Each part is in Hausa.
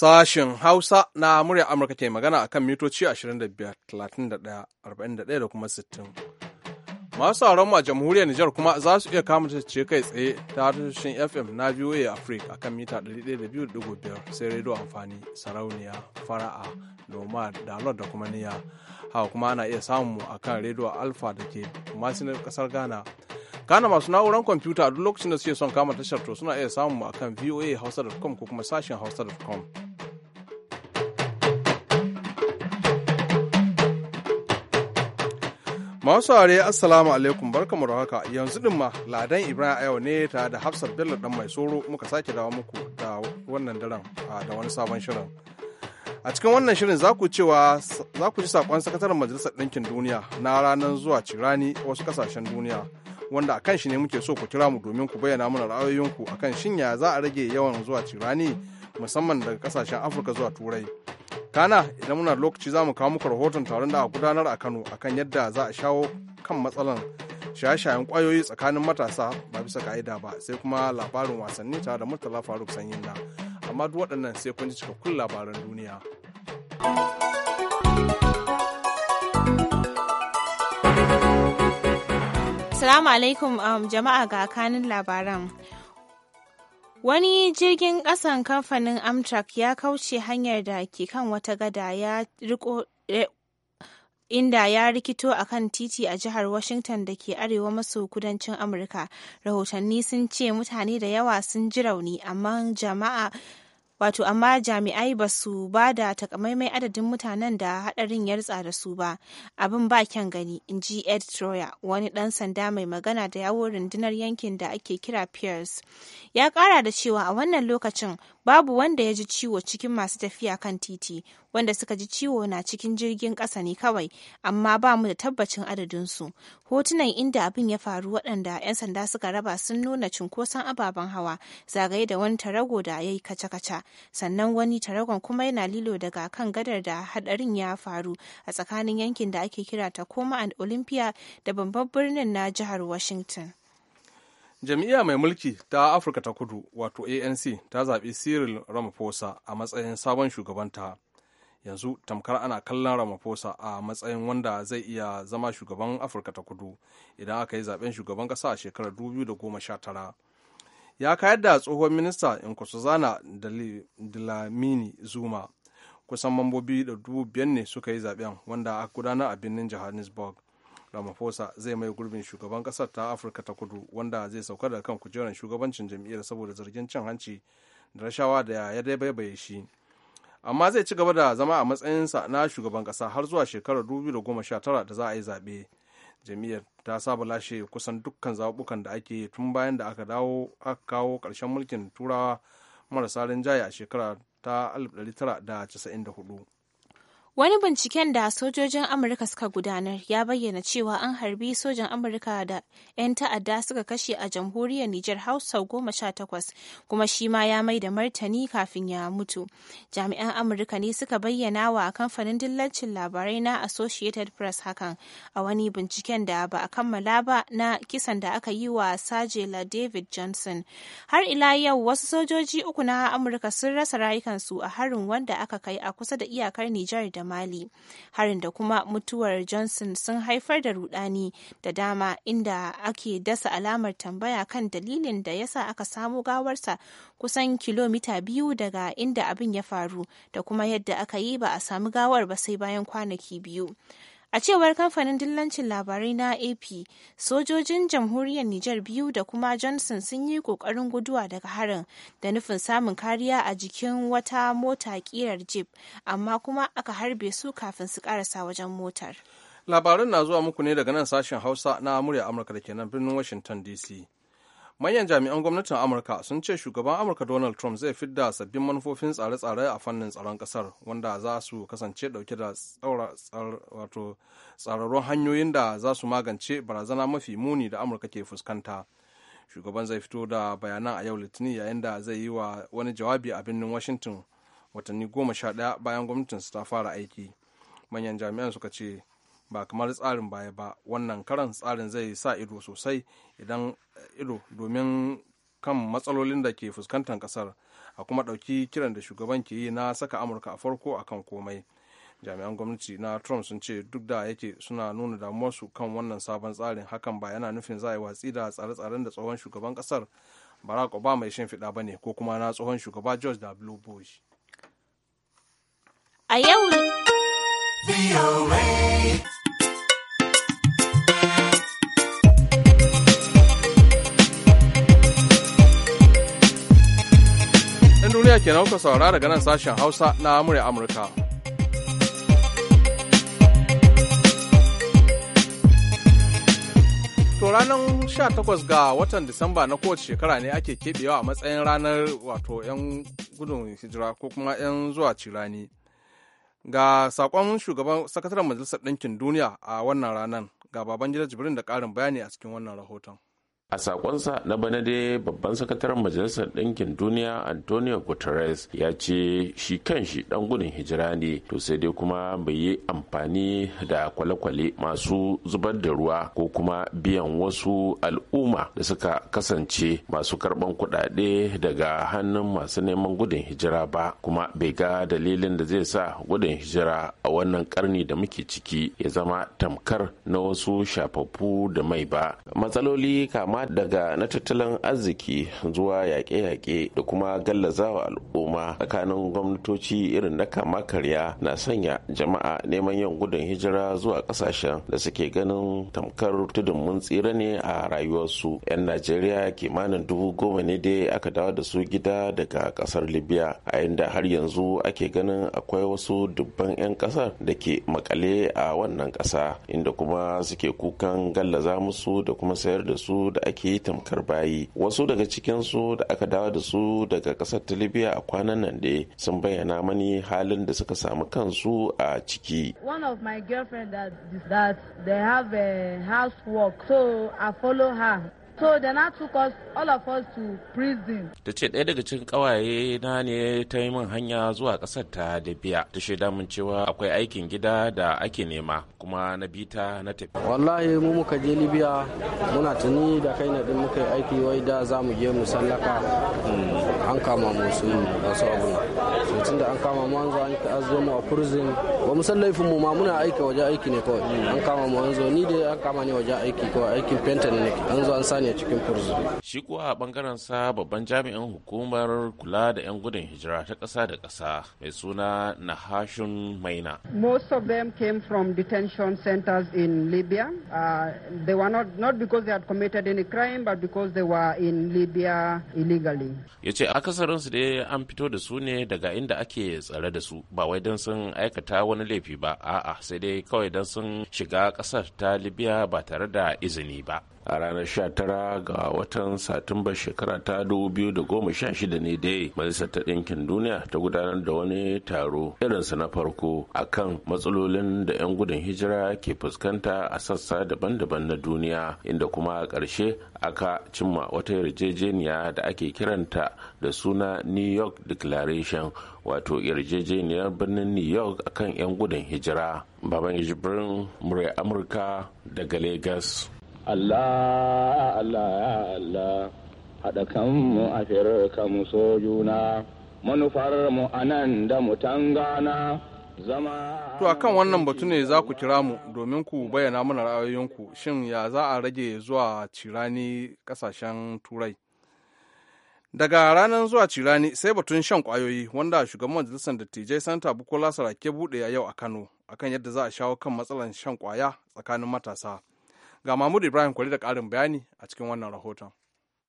Sashen Hausa na murya Amurka ke magana akan mitoci 25, 31, 41 da kuma 60. Masu sauran a jamhuriyar Nijar kuma za su iya kama ce kai tsaye ta tashoshin FM na VOA Africa akan mita 102.5 sai rediyo amfani sarauniya fara'a noma da da kuma niya haka kuma ana iya samu akan rediyo alfa da ke masu kasar Ghana. Ghana masu na'urar kwamfuta a duk lokacin da suke son kama tashar to suna iya samun samu akan hausa.com ko kuma sashen hausa.com. Masu are Assalamu alaikum barkamu da haka yanzu din ma Ladan Ibrahim Ayo ne ta da Hafsat Bello dan mai soro muka sake dawo muku da wannan daren da wani sabon shirin. A cikin wannan shirin za ku cewa za ku ji sakon sakataren Majalisar Ɗinkin Duniya na ranar zuwa cirani wasu kasashen duniya wanda a kan shi ne muke so ku kira mu domin ku bayyana mana ra'ayoyinku akan shinya za a rage yawan zuwa cirani musamman daga kasashen Afirka zuwa Turai. kana idan muna lokaci za mu kawo muku rahoton taron da aka gudanar a kano akan yadda za a shawo kan matsalan shaye-shayen kwayoyi tsakanin matasa ba bisa ka'ida ba sai kuma labarin wasanni tare da murtala faruk sanyin na amma duk waɗannan sai kun ji cikakkun labaran duniya Salamu alaikum um, jama'a ga kanin labaran. Wani jirgin ƙasan kamfanin Amtrak ya kauce hanyar da ke kan wata gada ya riko eh, inda ya rikito a kan titi a jihar Washington da ke arewa maso kudancin Amurka. Rahotanni sun ce mutane da yawa sun ji rauni, amma jama'a wato amma jami'ai ba su ba da takamaimai adadin mutanen da hadarin ya rutsa da su ba abin ba kyan gani in ji ed troyer wani dan sanda mai magana da yawon rundunar yankin da ake kira pierce ya kara da cewa a wannan lokacin Babu wanda ya ji ciwo cikin masu tafiya kan titi, wanda suka ji ciwo na cikin jirgin ƙasa ne kawai, amma ba mu da tabbacin adadinsu. Hotunan inda abin ya faru waɗanda 'yan sanda suka raba sun nuna cunkoson ababen hawa zagaye da wani tarago da ya yi kaca-kaca, sannan wani taragon kuma yana lilo daga kan gadar da hadarin ya faru a tsakanin yankin da ake kira ta koma an Olympia da babban birnin na jihar Washington. jam'iyya mai mulki ta afirka ta kudu wato anc ta zaɓi cyril ramaphosa a matsayin sabon shugabanta yanzu tamkar ana kallon ramaphosa a matsayin wanda zai iya zama shugaban afirka ta kudu idan aka yi zaɓen shugaban ƙasa a shekarar tara. ya kayar da tsohon minista nkosazana dalamini zuma kusan mambobi da dubu biyar ne suka yi zaɓen wanda aka gudanar a birnin johannesburg ramaphosa zai mai gurbin shugaban kasar ta afirka ta kudu wanda zai sauka da kan kujerar shugabancin jam'iyyar saboda zargin cin hanci da rashawa da ya baibaye shi amma zai ci gaba da zama a matsayinsa na shugaban kasa har zuwa shekarar 2019 da za a yi zaɓe jam'iyyar ta saba lashe kusan dukkan zaɓuɓɓukan da ake yi tun bayan da aka dawo aka kawo ƙarshen mulkin turawa marasa rinjaye a shekara ta 1994 Wani binciken da sojojin Amurka suka gudanar ya bayyana cewa an harbi sojan Amurka da 'yan ta'adda suka kashe a jamhuriyar Nijar Hausa goma sha takwas, kuma shi ma ya mai da martani kafin ya mutu. Jami'an Amurka ne suka bayyana wa kamfanin dillancin labarai na Associated Press hakan a wani binciken da ba a kammala ba na kisan da aka yi wa Sajela David Johnson. Har ila yau wasu sojoji uku na Amurka sun rasa rayukansu a harin wanda aka kai a kusa da iyakar Nijar da mali harin da kuma mutuwar johnson sun haifar da rudani da dama inda ake dasa alamar tambaya kan dalilin da yasa aka samu gawarsa kusan kilomita biyu daga inda abin ya faru da kuma yadda aka yi ba a samu gawar ba sai bayan kwanaki biyu A cewar kamfanin dillancin labarai na AP, sojojin jamhuriyar Nijar biyu da kuma Johnson sun yi kokarin guduwa daga harin da nufin samun kariya a jikin wata mota ƙirar jeep, amma kuma aka harbe su kafin su karasa wajen motar. Labarin na zuwa muku ne daga nan sashen Hausa na murya Amurka da ke nan birnin Washington DC. manyan jami'an gwamnatin amurka sun ce shugaban amurka donald trump zai fidda sabbin manufofin tsare-tsare a fannin tsaron kasar wanda za su kasance dauke da tsararrun hanyoyin da za su magance barazana mafi muni da amurka ke fuskanta shugaban zai fito da bayanan a yau litinin yayin da zai yi wa wani jawabi a birnin washington watanni goma sha ɗaya bayan gwamnatinsu ta fara aiki manyan jami'an suka ce ba kamar tsarin baya ba wannan karan tsarin zai sa ido sosai idan eh, ido domin kan matsalolin da ke fuskantar kasar a kuma ɗauki kiran da shugaban ke yi na saka amurka a farko a kan komai jami'an gwamnati na trump sun ce duk da yake suna nuna damuwarsu kan wannan sabon tsarin hakan ba yana nufin za a yi watsi da tsare-tsaren da tsohon shugaban kasar barack obama ya shimfiɗa ba ne ko kuma na tsohon shugaba george w bush a yau ɗan duniya kenan kuka saurara daga nan sashen Hausa na Amurya Amurka. To ranar 18 ga watan Disamba na kowace shekara ne ake keɓewa a matsayin ranar wato 'yan gudun hijira ko kuma 'yan zuwa cirani. Ga saƙon shugaban sakataren Majalisar Ɗinkin Duniya a wannan ranar ga baban gida jibrin da ƙarin bayani a cikin wannan rahoton. a sakonsa na bana dai babban sakataren majalisar ɗinkin duniya antonio guterres ya ce shi kan shi ɗan gudun hijira ne to sai dai kuma bai yi amfani da kwale-kwale masu zubar da ruwa ko kuma biyan wasu al'umma da suka kasance masu karɓan kuɗaɗe daga hannun masu neman gudun hijira ba kuma bai ga dalilin da zai sa gudun hijira a wannan karni da muke ciki ya zama tamkar na wasu shafaffu da mai ba matsaloli kama kama daga na tattalin arziki zuwa yaƙe-yaƙe da kuma gallazawa al'umma tsakanin gwamnatoci irin na kama karya na sanya jama'a neman yin gudun hijira zuwa ƙasashen da suke ganin tamkar tudun mun tsira ne a rayuwarsu 'yan najeriya kimanin dubu goma ne dai aka dawo da su gida daga ƙasar libya a inda har yanzu ake ganin akwai wasu dubban 'yan ƙasar da ke makale a wannan ƙasa inda kuma suke kukan gallaza musu da kuma sayar da su da ake yi tamkar bayi wasu daga cikin su da aka dawo da su daga kasar ta libya a kwanan nan da sun bayyana mani halin da suka samu kansu a ciki one of my girlfriend that, that they have a housework so i follow her So da na took us, all of us to prison. Ta ce ɗaya daga cikin ƙawaye na ne ta yi min hanya zuwa ƙasar ta Libya. Ta shaida min cewa akwai aikin gida da ake nema kuma na bita na tafi. Wallahi mu muka je Libya muna tuni da kai na ɗin muka yi aiki wai da za mu je mu sallaka hmm. an kama mu su da su abu na. Tun da an kama mu an zo an zo mu a prison ba mu san laifin mu ma muna aiki waje aiki ne kawai. An kama mu an zo ni dai an kama ne waje aiki kawai aikin fenta ne nake. An zo an sani ne cikin kurzuri. Shi kuwa a bangaren sa babban jami'in hukumar kula da 'yan gudun hijira ta ƙasa da ƙasa mai suna Nahashun Maina. Most of them came from detention centers in Libya. Uh, they were not, not because they had committed any crime but because they were in Libya illegally. Ya ce akasarin su dai an fito da su ne daga inda ake tsare da su ba wai don sun aikata wani laifi ba a'a sai dai kawai don sun shiga ƙasar ta Libya ba tare da izini ba. a ranar 19 ga watan satumba shekara ta 2016 ne dai majalisar ta ɗinkin duniya ta gudanar da wani taro irinsa na farko a kan matsalolin da 'yan gudun hijira ke fuskanta a sassa daban-daban na duniya inda kuma a ƙarshe aka cimma wata yarjejeniya da ake kiranta da suna new york declaration wato yarjejeniyar birnin new york akan 'yan gudun hijira baban jibrin murya amurka daga lagos Allah Allah ya Allah haɗa a firka so juna anan da mu tangana zama To kan wannan batu ne za ku kira mu domin ku bayyana mana ra'ayoyinku shin ya za a rage zuwa cirani kasashen turai daga ranar zuwa cirani sai batun shan kwayoyi wanda shugaban majalisar dattijai santa bukola sarake buɗe a yau a kano akan yadda za a shawo kan matsalar shan kwaya tsakanin matasa Ga Mahmud Ibrahim kwari da karin bayani a cikin wannan rahoton.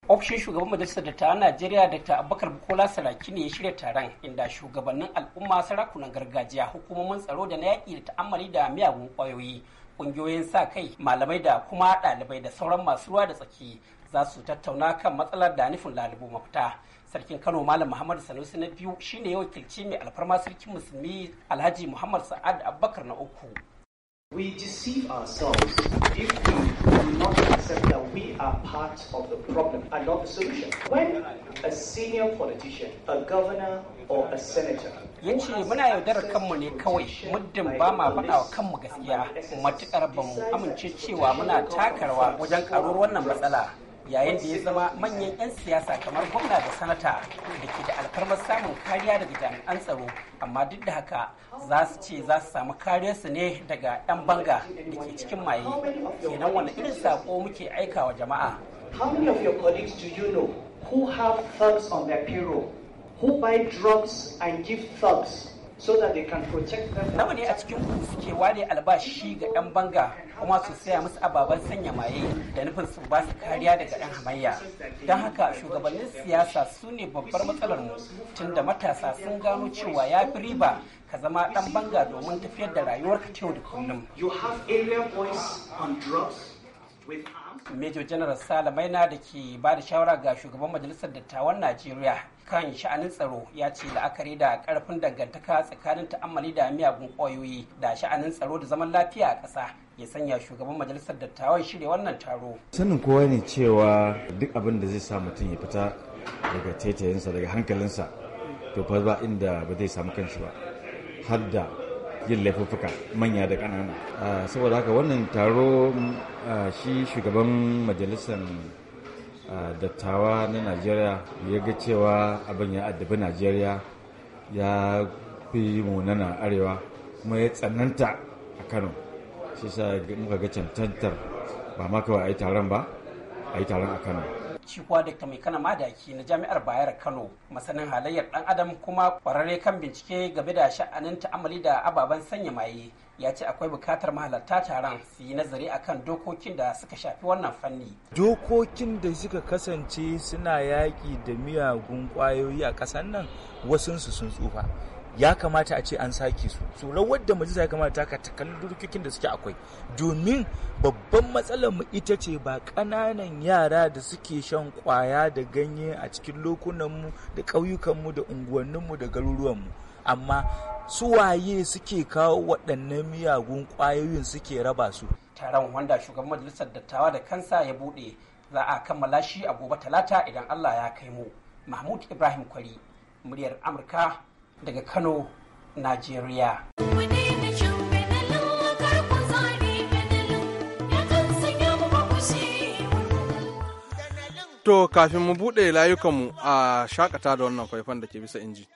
ofishin shugaban majalisar dattawan najeriya ta abubakar bukola saraki ne ya shirya taron inda shugabannin al'umma sarakunan gargajiya hukumomin tsaro da na yaƙi da ta'ammali da miyagun ƙwayoyi ƙungiyoyin sa kai malamai da kuma ɗalibai da sauran masu ruwa da tsaki za su tattauna kan matsalar da nufin lalubu mafita sarkin kano malam muhammad sanusi na biyu shine ya wakilci mai alfarma sarkin musulmi alhaji muhammad sa'ad abubakar na uku We deceive ourselves if we do not accept that we are part of the problem and not the solution. When a senior politician, a governor, or a senator ya ce muna yaudarar kanmu ne kawai muddin ba ma faɗa wa kanmu gaskiya matuƙar ba mu amince cewa muna takarwa wajen ƙaruwar wannan matsala yayin da ya zama manyan 'yan siyasa kamar gwamna da sanata da ke da alfarmar samun kariya daga jami'an tsaro amma duk da haka za su ce za su samu kariyarsu ne daga 'yan banga da ke cikin maye kenan wani irin sako muke aika wa jama'a How many of your colleagues do you know who have thugs on their payroll, who buy drugs and give thugs so that they can protect them. Nawa ne a cikin ku suke ware albashi ga 'yan banga kuma su saya musu ababen sanya maye da nufin su ba su kariya daga 'yan hamayya. Don haka shugabannin siyasa su ne babbar matsalar mu tunda matasa sun gano cewa ya fi riba ka zama dan banga domin tafiyar da rayuwar ka yau da kullum. You have alien boys on drugs with Major General Salamaina da ke ba da shawara ga shugaban majalisar dattawan Najeriya kan sha'anin tsaro ya ce la'akari da karfin dangantaka tsakanin ta'ammali da miyagun ƙwayoyi da sha'anin tsaro da zaman lafiya a ƙasa ya sanya shugaban majalisar dattawan shirya wannan taro. sanin kowa ne cewa duk abin da zai sa mutum ya fita daga taitayinsa daga hankalinsa to fa ba inda ba zai samu kanshi ba har da yin laifuffuka manya da ƙanana ah, saboda haka wannan taro ah, shi shugaban majalisar dattawa na najeriya ya ga cewa abin ya addabi najeriya ya fi munana arewa kuma ya tsananta a kano shi sa muka ga cancantar ba ma kawai a yi taron ba a yi taron a kano shi da mai kana madaki na jami'ar bayar kano masanin halayyar dan adam kuma kwararre kan bincike game da sha'anin ta'amali da ababen sanya maye ya ce akwai bukatar mahalarta taron su yi nazari akan dokokin da suka shafi wannan fanni. Dokokin da suka kasance suna yaƙi da miyagun ƙwayoyi a ƙasar nan wasunsu sun tsufa. ya kamata a ce an sake su so wadda da majalisa ya kamata ka ta kalli dokokin da suke akwai domin babban matsalar mu ita ce ba ƙananan yara da suke shan ƙwaya da ganye a cikin lokunan mu da ƙauyukan mu da unguwanninmu da garuruwan mu amma su waye suke kawo waɗannan miyagun ƙwayoyin suke raba su taron wanda shugaban majalisar dattawa da kansa ya buɗe za a kammala shi a gobe talata idan allah ya kai mu mahmud ibrahim kwari muryar amurka daga kano najeriya To kafin mu buɗe layukanmu a shakata da wannan faifan da ke bisa inji.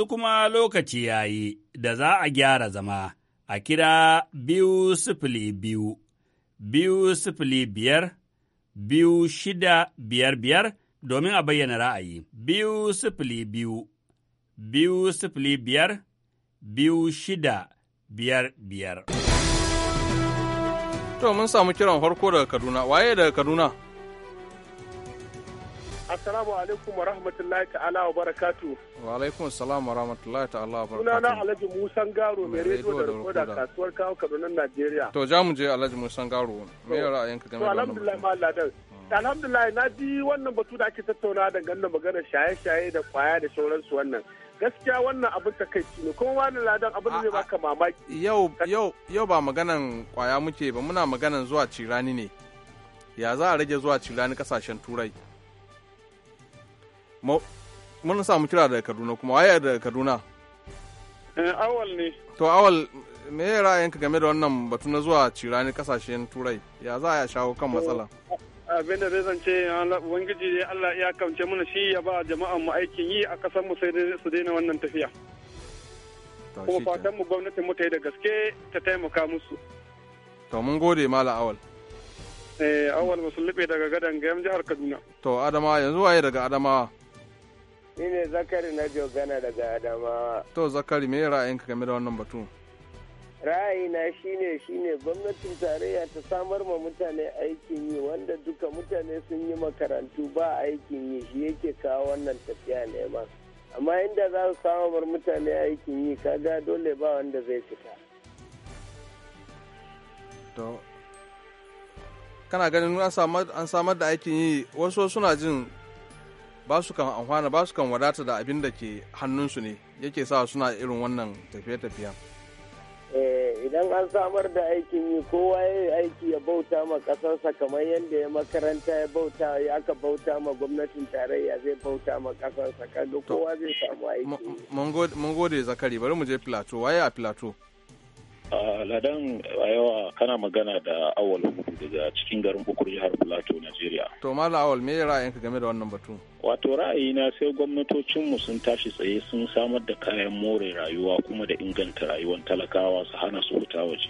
yanzu kuma lokaci ya yi da za a gyara zama a kira biyu sifili biyu, biyu sifili biyar, biyu shida biyar biyar domin a bayyana ra'ayi, biyu sifili biyu, biyu sifili biyar, biyu shida biyar biyar. To mun samu kiran farko daga Kaduna, waye daga Kaduna? Assalamu alaikum wa rahmatullahi ta'ala wa barakatu. Wa alaikum assalam wa rahmatullahi ta'ala wa barakatu. Sunana Alhaji Musan Garo mai rediyo da rikoda kasuwar kawo Kaduna Najeriya. To ja mu je Alhaji Musan Garo me ya ra'ayinka game da wannan? Alhamdulillah ma Ladan. Mm. Alhamdulillah na ji wannan batu da ake tattauna da da magana shaye-shaye da kwaya da sauransu wannan. gaskiya wannan abin takaici ne kuma wani ladan abin da zai baka mamaki yau yau yau ba maganan kwaya muke ba muna maganan zuwa cirani ne ya za a rage zuwa cirani kasashen turai mun samu kira daga Kaduna kuma waye daga Kaduna eh, awal ne to awal me ya ra'ayinka game da wannan batu na zuwa cirani kasashen turai ya za a shawo kan matsala abin da zai zance wangiji ne Allah ya kamce mana shi ya ba jama'an mu aikin yi a kasan mu sai su daina wannan tafiya kuma fatan mu gwamnatin mu ta yi da gaske ta taimaka musu to mun gode mala awal eh awal musulmi daga gadan gayam jihar Kaduna to adama yanzu waye daga adamawa Ni Zakari na Jogana daga Adamawa. To Zakari me ra'ayinka game da wannan batu? Ra'ayina shine shine gwamnatin tarayya ta samar ma mutane aikin yi wanda duka mutane sun yi makarantu ba aikin yi shi yake kawo wannan tafiya nema. Amma inda za su samar mutane aikin yi kaga dole ba wanda zai fita. To kana ganin an samar da aikin yi wasu suna jin ba su kan amfana ba su kan wadata da abin da ke hannunsu ne yake sa suna irin wannan tafiye-tafiyen eh, idan an samar da aikin yi kowa ya yi aiki ya bauta ma kasarsa kamar yadda ya makaranta ya bauta ya aka bauta ma gwamnatin tarayya zai bauta ma ƙasarsa kaga kowa zai samu aiki mun gode zakari bari mu je filato waye a filato ladan a yawa kana magana da awal daga cikin garin bukur jihar plateau nigeria to mala awal me ra'ayinka game da wannan batu wato ra'ayina sai gwamnatocinmu sun tashi tsaye sun samar da kayan more rayuwa kuma da inganta rayuwar talakawa su hana su fita waje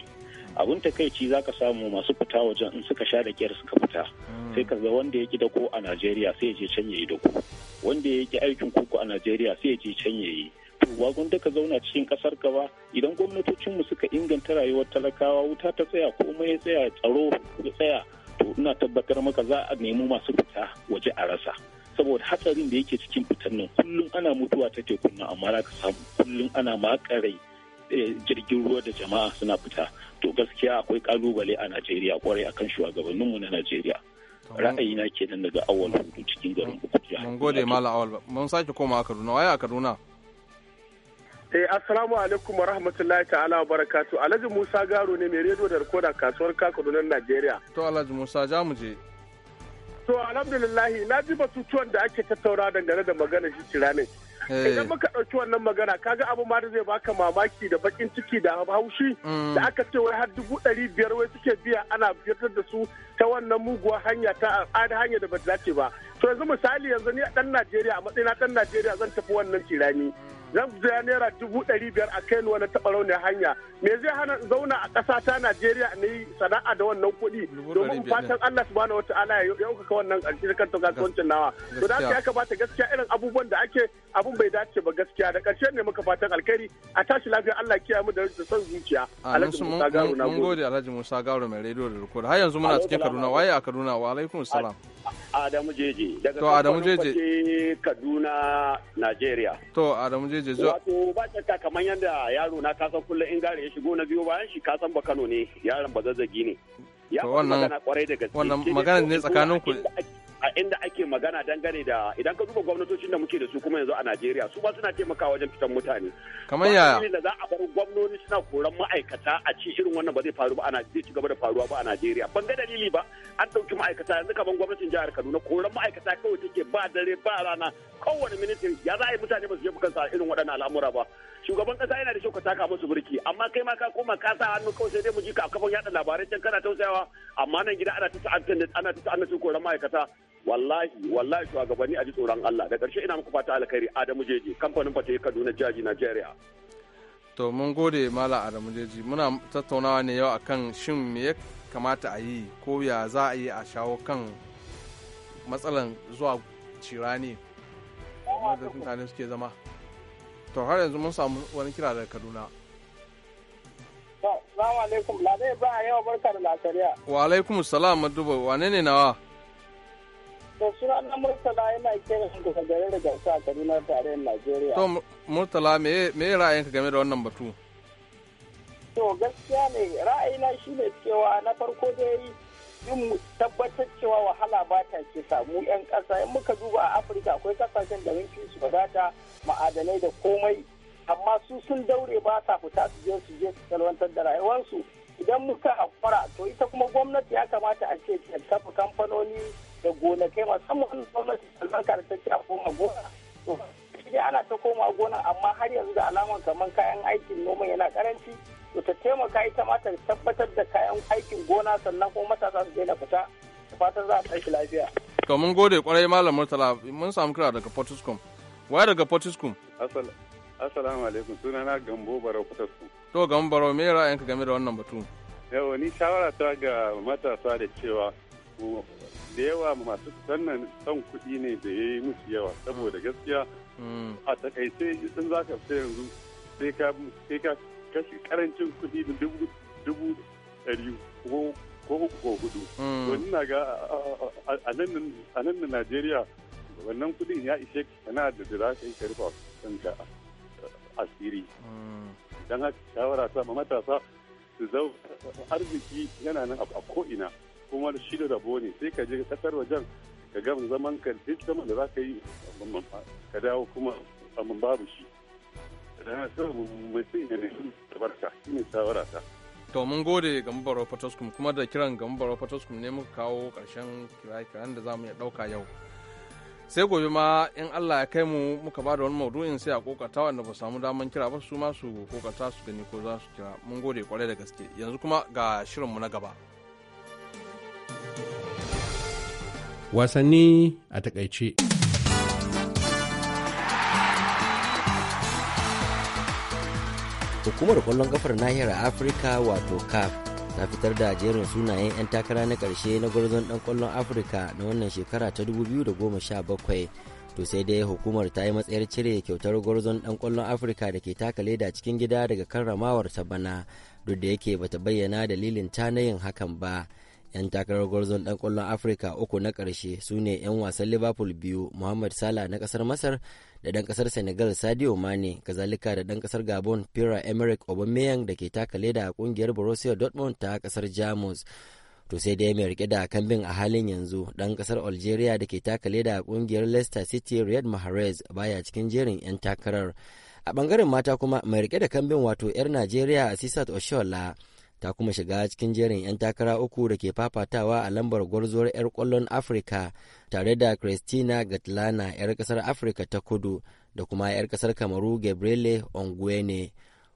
abin takaici za ka samu masu fita wajen in suka sha da kyar suka fita hmm. sai ka ga wanda ya ki dako a najeriya sai ya je can ya yi dako wanda ya ki aikin kuku a najeriya sai ya je can ya yi abu ba ka zauna cikin kasar ka ba idan gwamnatocinmu suka inganta rayuwar talakawa wuta ta tsaya komai ya tsaya tsaro ya tsaya to ina tabbatar maka za a nemi masu fita waje a rasa saboda hatsarin da yake cikin fitan nan kullum ana mutuwa ta tekun nan amma za ka samu kullum ana makarai eh, jirgin ruwa da jama'a suna fita to gaskiya akwai kalubale a najeriya kwarai akan shugabanninmu na najeriya ra'ayina kenan daga awal hudu cikin garin bukutu Mun gode Malam Awal. Mun sake koma Kaduna. Waye a Kaduna? Eh, assalamu alaikum wa rahmatullahi ta'ala wa barakatu. Alhaji Musa Garo ne mai rediyo da rikoda kasuwar nan Najeriya. To Alhaji Musa za mu je. To alhamdulillahi na ji batutuwan da ake tattauna dangane da magana shi ne. Eh. Idan muka ɗauki wannan magana kaga abu ma da zai baka mamaki da bakin ciki da haushi mm. da aka ce wai har dubu ɗari biyar wai suke biya ana fitar da su ta wannan muguwar hanya ta al'ada hanya da ba ta dace ba. To yanzu misali yanzu ni a ɗan Najeriya a matsayin ɗan Najeriya zan tafi wannan tirani. zan biya naira dubu ɗari biyar a kai ni wani taɓa raunin hanya me zai hana zauna a ƙasa ta najeriya na sana'a da wannan kuɗi domin fatan allah subhanahu wa ta'ala ya ɗaukaka wannan shirkar ta kasuwancin nawa to da ya kamata gaskiya irin abubuwan da ake abun bai dace ba gaskiya da ƙarshe ne muka fatan alkhairi a tashi lafiya allah kiyaye mu da son zuciya alhaji musa garo na gode alhaji musa garo mai rediyo da rikodi har yanzu muna cikin kaduna waye a kaduna wa alaikum salam Adamu Jeje. Daga to Adamu Jeje. Kaduna, Najeriya. To Adamu Jeje. Wato ba ka kamar yadda yaro na kasan kullum in gare ya shigo na biyu bayan shi kasan ba Kano ne yaron ba zazzagi ne. Ya wannan wannan magana ne tsakanin ku a inda ake magana dangane da idan ka duba gwamnatocin da muke da su kuma yanzu a Najeriya su ba suna taimakawa wajen fitan mutane. Kamar ya. da za a bar gwamnoni suna koran ma'aikata a ci irin wannan ba zai faru ba a Najeriya ci gaba da faruwa ba a Najeriya. Ban ga dalili ba an dauki ma'aikata yanzu kaman gwamnatin jihar Kaduna koran ma'aikata kawai take ba dare ba rana kowane ministry ya za a yi mutane ba su je kansa irin waɗannan al'amura ba. Shugaban kasa yana da kyau ka taka musu birki amma kai ma ka koma ka sa hannu kawai sai dai mu ji ka kafan yaɗa labarai can kana tausayawa amma nan gida ana ta ana ta ana koran ma'aikata wallahi wallahi shugabanni a ji tsoron Allah da ƙarshe ina muku fata alkhairi Adamu Jeji kamfanin fata Kaduna Jaji Nigeria to mun gode mala Adamu Jeji muna tattaunawa ne yau akan shin me ya kamata a yi ko ya za a yi a shawo kan matsalan zuwa cirani da mutane suke zama to har yanzu mun samu wani kira daga Kaduna Salamu alaikum, Lade Ibrahim yau barka da lasariya. Wa alaikum salam, Maduba, wane ne nawa? da na Murtala yana kiran daga da To Murtala me me ra'ayinka game da wannan batu? To gaskiya ne ra'ayina shi ne cewa na farko dai yin tabbatar cewa wahala ba ta ke samu 'yan ƙasa in muka duba a afirka akwai kasashen da yankin su wadata ma'adanai da komai amma su sun daure ba sa fita su je su je su salwantar da rayuwarsu idan muka haƙura to ita kuma gwamnati ya kamata a ce ta kamfanoni da gonakai musamman gwamnati albarka da ta ce a koma gona to dai ana ta koma gona amma har yanzu da alaman kamar kayan aikin noma yana karanci to ta taimaka ita ma ta tabbatar da kayan aikin gona sannan kuma matasa su daina fita fatan za a tashi lafiya. to mun gode kwarai malam murtala mun samu kira daga portiscom waya daga portiscom. assalamu alaikum na gambo barau kutasku. to gambo barau me ra'ayinka game da wannan batu. yawo ni shawara ta ga matasa da cewa da yawa masu sannan son kuɗi ne da ya yi musu yawa saboda mm. gaskiya mm. a takaice sun za ka fi yanzu sai ka kashi karancin kuɗi da dubu ɗari ko ko hudu Wani na ga a nan da najeriya wannan kuɗin ya ishe kana da da za ka yi karfa kanka asiri mm. don haka shawara ta matasa su zau arziki yana nan a ko'ina kuma shi da rabo ne sai ka je kasar wajen ka ga zaman ka duk zaman da za ka yi ka dawo kuma amma babu shi da na sa mai sai ne barka shi ne shawara ta to mun gode ga baro fotoskum kuma da kiran ga baro fotoskum ne muka kawo karshen kiran da zamu iya dauka yau sai gobe ma in Allah ya kai mu muka ba da wani maudu'in sai a kokata wanda ba samu daman kira ba su ma su kokata su gani ko za su kira mun gode kwarai da gaske yanzu kuma ga shirinmu na gaba wasanni a takaice. hukumar kwallon kafar nahiyar afirka wato caf ta fitar da jerin sunayen 'yan takara na karshe na gwarzon dan kwallon afirka na wannan shekara ta 2017 to sai dai hukumar ta yi matsayar cire kyautar gwarzon dan kwallon afirka da ke taka leda cikin gida daga karramawar ta bana duk da yake bata bayyana dalilin ta na yin hakan ba 'yan takarar gwarzon dan kwallon afirka uku na ƙarshe su ne 'yan wasan liverpool biyu muhammad salah na kasar masar da ɗan ƙasar senegal sadio mane kazalika da ɗan ƙasar gabon pierre emerick aubameyang da ke taka leda a ƙungiyar borussia dortmund ta kasar jamus to sai dai mai rike da kambin a halin yanzu ɗan ƙasar algeria da ke taka leda a ƙungiyar leicester city riyad mahrez baya cikin jerin 'yan takarar a ɓangaren mata kuma mai rike da kambin wato 'yar najeriya a asisat oshola ta kuma shiga cikin jerin 'yan takara uku da ke fafatawa a lambar gwarzuwar 'yar kwallon afirka tare da christina gatlana 'yar kasar afirka ta kudu da kuma 'yar kasar kamaru gabriele onguene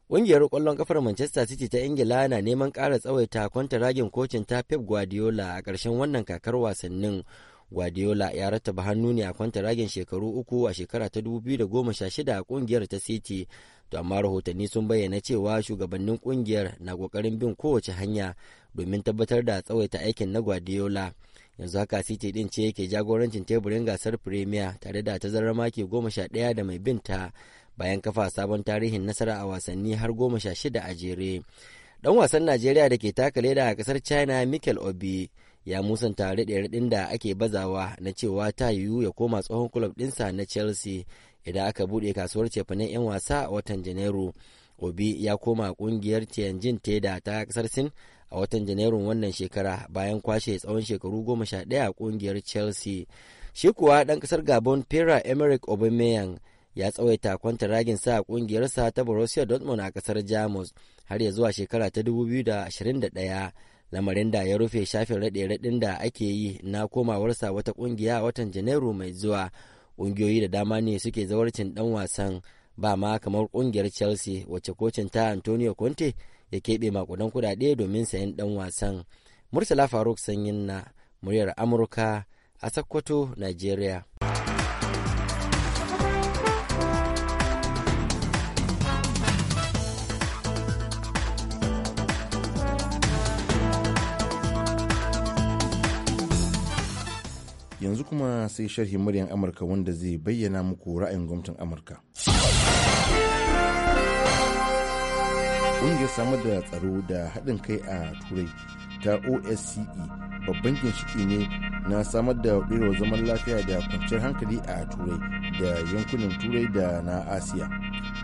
ƙungiyar kwallon kafar manchester city ta ingila na neman ƙara tsawaita kwanta ragin kocin ta pep guardiola a ƙarshen wannan kakar wasannin guardiola ya rataba hannu ne a ragin shekaru uku a shekara ta 2016 a ƙungiyar ta city to amma rahotanni sun bayyana cewa shugabannin kungiyar na kokarin bin kowace hanya domin tabbatar da tsawaita aikin na guardiola yanzu haka city din ce yake jagorancin teburin gasar premier tare da tazarar maki goma sha ɗaya da mai binta bayan kafa sabon tarihin nasara a wasanni har goma sha shida a jere dan wasan najeriya da ke taka leda a kasar china michael obi ya musanta rade raɗin da ake bazawa na cewa ta yiwu ya koma tsohon kulob sa na chelsea idan aka buɗe kasuwar cefanen 'yan wasa a watan janairu obi ya koma kungiyar tianjin teda ta kasar sin a watan janairun wannan shekara bayan kwashe tsawon shekaru goma sha ɗaya a kungiyar chelsea shi kuwa ɗan kasar gabon pera emerick obameyang ya tsawaita ragin sa a kungiyarsa ta borussia dortmund a kasar jamus har ya zuwa shekara ta 2021 lamarin da ya rufe shafin raɗe-raɗin da ake yi na komawarsa wata kungiya a watan janairu mai zuwa ƙungiyoyi da dama ne suke zawarcin ɗan wasan ba ma kamar ƙungiyar chelsea wacce kocin ta antonio conte ya keɓe makudan kuɗaɗe domin sayan ɗan wasan murtala faruk sanyin na muryar amurka a sakkwato nigeria yanzu kuma sai sharhi muryan amurka wanda zai bayyana muku ra'ayin gwamnatin amurka ƙungiyar samar da tsaro da haɗin kai a turai ta osce babban ginshiki ne na samar da ɗorewa zaman lafiya da kwanciyar hankali a turai da yankunan turai da na asiya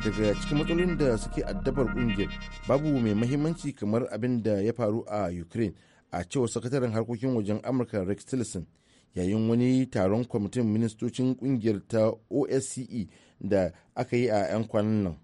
daga cikin matsalolin da suke addabar ƙungiyar babu mai mahimmanci kamar abin da ya faru a ukraine a cewar sakataren harkokin wajen amurka rex tillerson yayin wani taron kwamitin ministocin kungiyar ta osce da aka yi a 'yan kwanan nan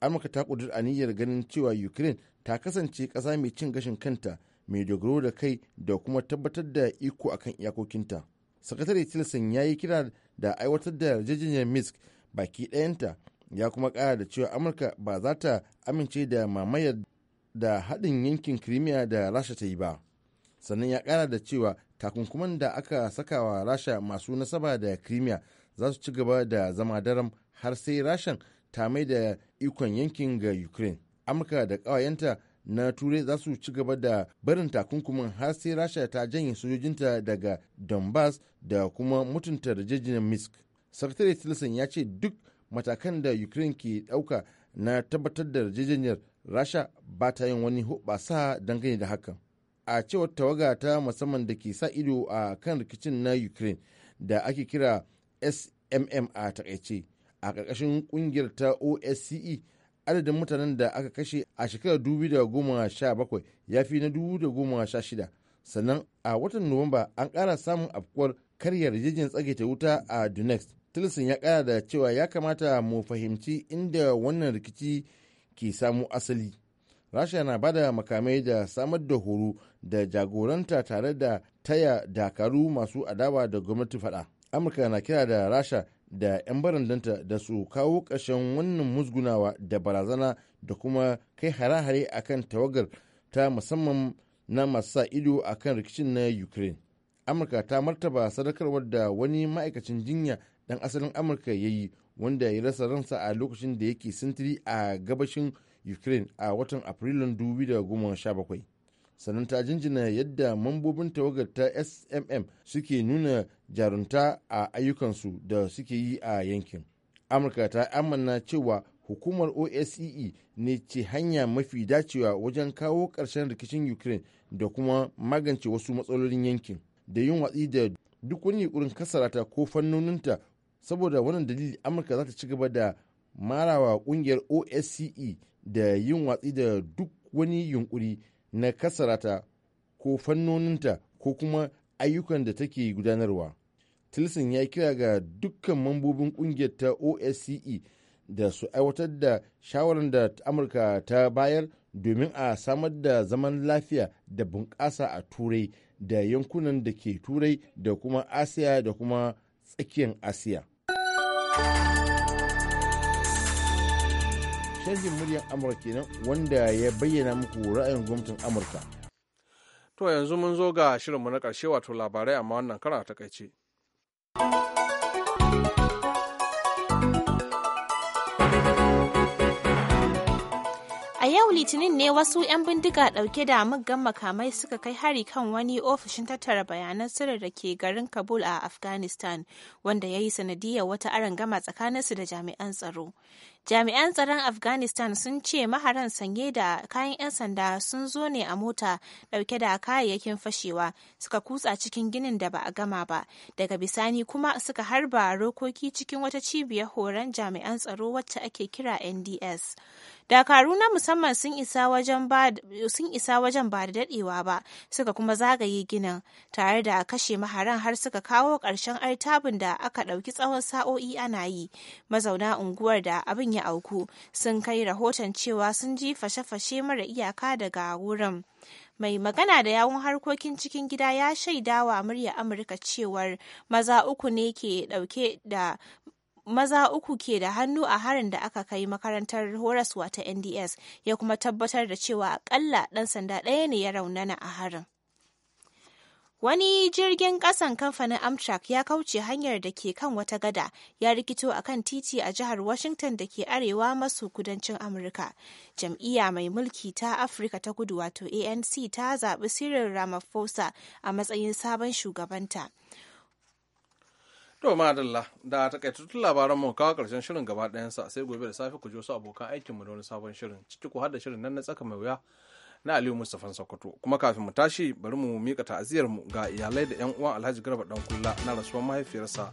amurka ta kudur aniyar ganin cewa ukraine ta kasance kasa mai cin gashin kanta mai dogaro da kai da kuma tabbatar da iko akan iyakokinta sakatare tilson ya yi kira da aiwatar da yarjejeniyar misk baki ɗayanta ya kuma kara da cewa amurka ba za ta amince da mamayar da haɗin yankin crimea da rasha ta yi ba sannan ya kara da cewa takunkuman da aka saka wa rasha masu nasaba da crimea za su ci gaba da zama daram har sai rashan ta mai da ikon yankin ga ukraine amurka da ƙawayenta na turai za su ci gaba da barin takunkuman har sai rasha ta janye sojojinta daga donbass da kuma mutunta yarjejeniyar misk sakatare tilson ya ce duk matakan da ukraine ke ɗauka na tabbatar da yarjejeniyar rasha ba ta yin wani hubasa dangane da hakan a cewar tawaga ta musamman da ke sa ido a kan rikicin na ukraine da ake kira smm a takaice a ƙarƙashin ƙungiyar ta osce adadin mutanen da aka kashe a shekarar 2017 ya fi na 2016 sannan a watan nuwamba an ƙara samun afkuwar karyar jijin tsagaita wuta a dunex tilson ya ƙara da cewa ya kamata mu fahimci inda wannan rikici ke samu asali rasha na bada makamai da samar da horo da jagoranta tare da taya dakaru masu adawa da gwamnati fada amurka na kira da rasha da 'yan barandanta da su kawo ƙarshen wannan musgunawa da barazana da kuma kai hare-hare akan tawagar ta musamman na masu sa ido akan rikicin na ukraine amurka ta martaba sadakarwar da wani ma'aikacin jinya dan asalin amurka ya yi wanda ya rasa ransa a lokacin da yake sintiri a gabashin ukraine a watan afrilun 2017 sannan ta jinjina yadda mambobin tawagar ta smm suke nuna jarunta a ayyukansu da suke yi a yankin amurka ta amanna cewa hukumar osce e ne ce hanya mafi dacewa wajen kawo ƙarshen rikicin ukraine da kuma magance wasu matsalolin yankin da yin watsi da duk wani yunkurin kasarata ko fannoninta saboda wannan dalili amurka za ta ci gaba da marawa kungiyar osce e da yin watsi da duk wani yunkuri na kasarata ko fannoninta ko kuma ayyukan da take gudanarwa. Tilson ya kira ga dukkan mambobin kungiyar ta OSCE da su aiwatar da shawarar da Amurka ta bayar domin a samar da zaman lafiya da bunƙasa a Turai da yankunan da ke Turai da kuma Asiya da kuma tsakiyar Asiya. canjin muryar amurka kenan wanda ya bayyana muku ra'ayin gwamnatin amurka to yanzu mun zo ga shirinmu na ƙarshe wato labarai amma wannan kara takaice. yau Litinin ne wasu 'yan bindiga dauke da muggan makamai suka kai hari kan wani ofishin tattara bayanan sirri da ke garin Kabul a Afghanistan, wanda ya yi sanadiyar wata arangama tsakaninsu da jami'an tsaro. Jami'an tsaron Afghanistan sun ce maharan sanye da kayan 'yan sanda sun zo ne a mota dauke da kayayyakin fashewa suka kutsa cikin ginin da ba a gama ba, daga bisani kuma suka harba rokoki cikin wata cibiyar horon jami'an tsaro wacce ake kira NDS. Dakaru na musamman sun isa wajen ba da dadewa ba suka kuma zagaye ginin tare da kashe maharan har suka kawo ƙarshen artabin da aka ɗauki tsawon sa'o'i ana yi. Mazauna unguwar da abin ya auku sun kai rahoton cewa sun ji fashe-fashe mara iyaka daga wurin. mai magana da yawun harkokin cikin gida ya shaidawa murya amurka cewar maza uku ne ke dauke da maza uku ke da hannu a harin da aka kai makarantar horaswa ta nds ya kuma tabbatar da cewa akalla ɗan sanda ɗaya ne ya raunana a harin Wani jirgin ƙasan kamfanin Amtrak ya kauce hanyar da ke kan wata gada ya rikito a kan titi a jihar Washington da ke arewa maso kudancin Amurka. Jam'iyya mai mulki ta Afirka ta kudu wato ANC ta zaɓi Cyril Ramaphosa a matsayin sabon shugabanta. To madalla da takaitattun labaran mu kawo karshen shirin gaba sa sai gobe da safe ku ji wasu abokan aikin aikinmu da wani sabon shirin ciki ku da shirin nan na tsaka mai wuya na Aliyu mustafa Sokoto kuma kafin mu tashi bari mu mika ta'aziyar mu ga iyalai da 'yan uwan Alhaji Garba dan kulla na rasuwar mahaifiyarsa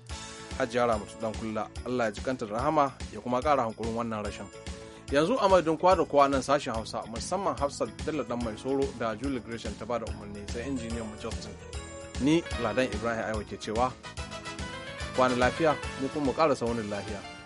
Yara mutu dan kulla Allah ya jikanta da rahama ya kuma ƙara hankulin wannan rashin. Yanzu a madadin kwa da kowa nan sashen Hausa musamman Hafsat Bello dan mai soro da Julie Gresham ta bada umarni sai injiniyan mu Justin ni Ladan Ibrahim Aiwa ke cewa kwana lafiya mu kuma mu karasa wani lafiya.